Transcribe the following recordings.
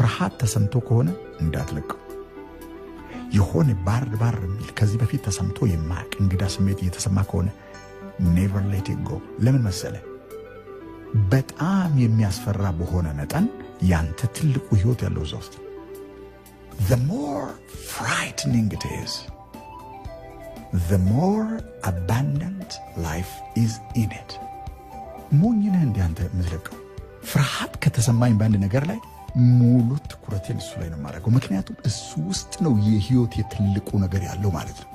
ፍርሃት ተሰምቶ ከሆነ እንዳትለቀው። የሆነ ባር ባር የሚል ከዚህ በፊት ተሰምቶ የማያውቅ እንግዳ ስሜት እየተሰማ ከሆነ ኔቨር ሌት ጎ። ለምን መሰለ? በጣም የሚያስፈራ በሆነ መጠን ያንተ ትልቁ ህይወት ያለው እዛ ውስጥ ዘ ሞር ፍራይትኒንግ it is the more abundant life is in it ሞኝ ነህ እንዲህ አንተ የምትለቀው ፍርሃት ከተሰማኝ በአንድ ነገር ላይ ሙሉ ትኩረቴን እሱ ላይ ነው የማደርገው። ምክንያቱም እሱ ውስጥ ነው የህይወት የትልቁ ነገር ያለው ማለት ነው።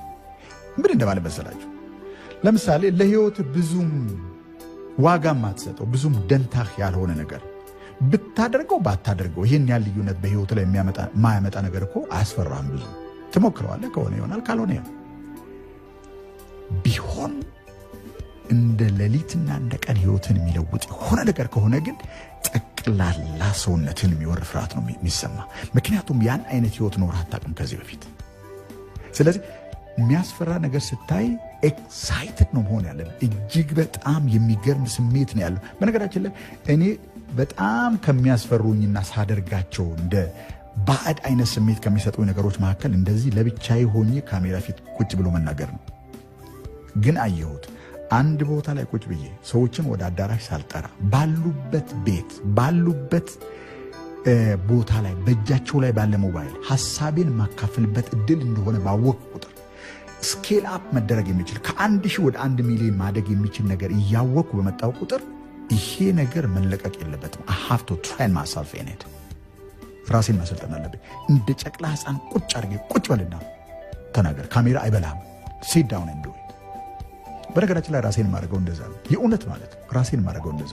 ምን እንደማለት መሰላችሁ? ለምሳሌ ለህይወት ብዙም ዋጋ ማትሰጠው ብዙም ደንታህ ያልሆነ ነገር ብታደርገው ባታደርገው ይህን ያህል ልዩነት በህይወት ላይ የማያመጣ ነገር እኮ አያስፈራም። ብዙ ትሞክረዋለህ፣ ከሆነ ይሆናል፣ ካልሆነ ይሆናል። ቢሆን እንደ ሌሊትና እንደ ቀን ህይወትን የሚለውጥ የሆነ ነገር ከሆነ ግን ጠቅላላ ሰውነትን የሚወር ፍርሃት ነው የሚሰማ። ምክንያቱም ያን አይነት ህይወት ኖር አታውቅም ከዚህ በፊት። ስለዚህ የሚያስፈራ ነገር ስታይ ኤክሳይትድ ነው መሆን ያለን። እጅግ በጣም የሚገርም ስሜት ነው ያለው። በነገራችን ላይ እኔ በጣም ከሚያስፈሩኝና ሳደርጋቸው እንደ ባዕድ አይነት ስሜት ከሚሰጡኝ ነገሮች መካከል እንደዚህ ለብቻዬ ሆኜ ካሜራ ፊት ቁጭ ብሎ መናገር ነው። ግን አየሁት አንድ ቦታ ላይ ቁጭ ብዬ ሰዎችን ወደ አዳራሽ ሳልጠራ ባሉበት ቤት ባሉበት ቦታ ላይ በእጃቸው ላይ ባለ ሞባይል ሀሳቤን ማካፈልበት እድል እንደሆነ ባወቅ ቁጥር ስኬል አፕ መደረግ የሚችል ከአንድ ሺህ ወደ አንድ ሚሊዮን ማደግ የሚችል ነገር እያወቅኩ በመጣው ቁጥር ይሄ ነገር መለቀቅ የለበትም። ሀፍቶ ትራይን ማሳልፍ ኔድ ራሴን ማሰልጠን አለብኝ። እንደ ጨቅላ ሕፃን ቁጭ አድርጌ ቁጭ በልና ተናገር። ካሜራ አይበላም። ሲዳውን እንዲሆ በነገራችን ላይ ራሴን ማድረገው እንደዛ ነው። የእውነት ማለት ራሴን ማድረገው እንደዛ